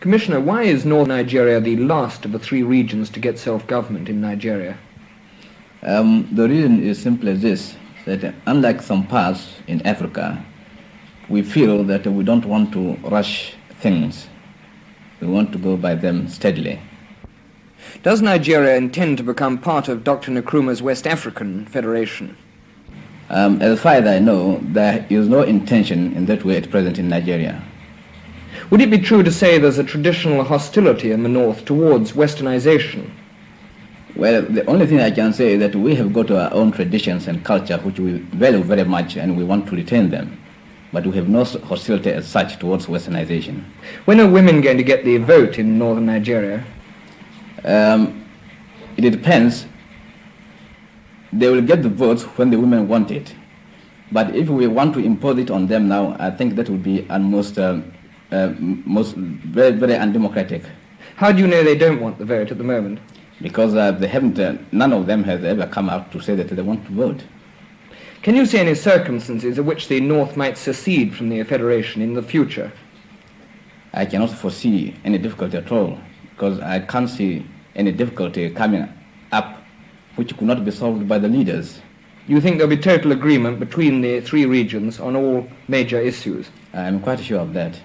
Commissioner, why is North Nigeria the last of the three regions to get self-government in Nigeria? Um, the reason is simply this, that unlike some parts in Africa, we feel that we don't want to rush things. We want to go by them steadily. Does Nigeria intend to become part of Dr. Nkrumah's West African Federation? Um, as far as I know, there is no intention in that way at present in Nigeria. Would it be true to say there's a traditional hostility in the North towards westernization? Well, the only thing I can say is that we have got our own traditions and culture, which we value very much, and we want to retain them. But we have no hostility as such towards westernization. When are women going to get the vote in northern Nigeria? Um, it depends. They will get the votes when the women want it. But if we want to impose it on them now, I think that would be almost. Um, uh, most, very, very undemocratic. How do you know they don't want the vote at the moment? Because uh, they haven't, uh, none of them has ever come out to say that they want to vote. Can you see any circumstances in which the North might secede from the Federation in the future? I cannot foresee any difficulty at all, because I can't see any difficulty coming up which could not be solved by the leaders. You think there'll be total agreement between the three regions on all major issues? I'm quite sure of that.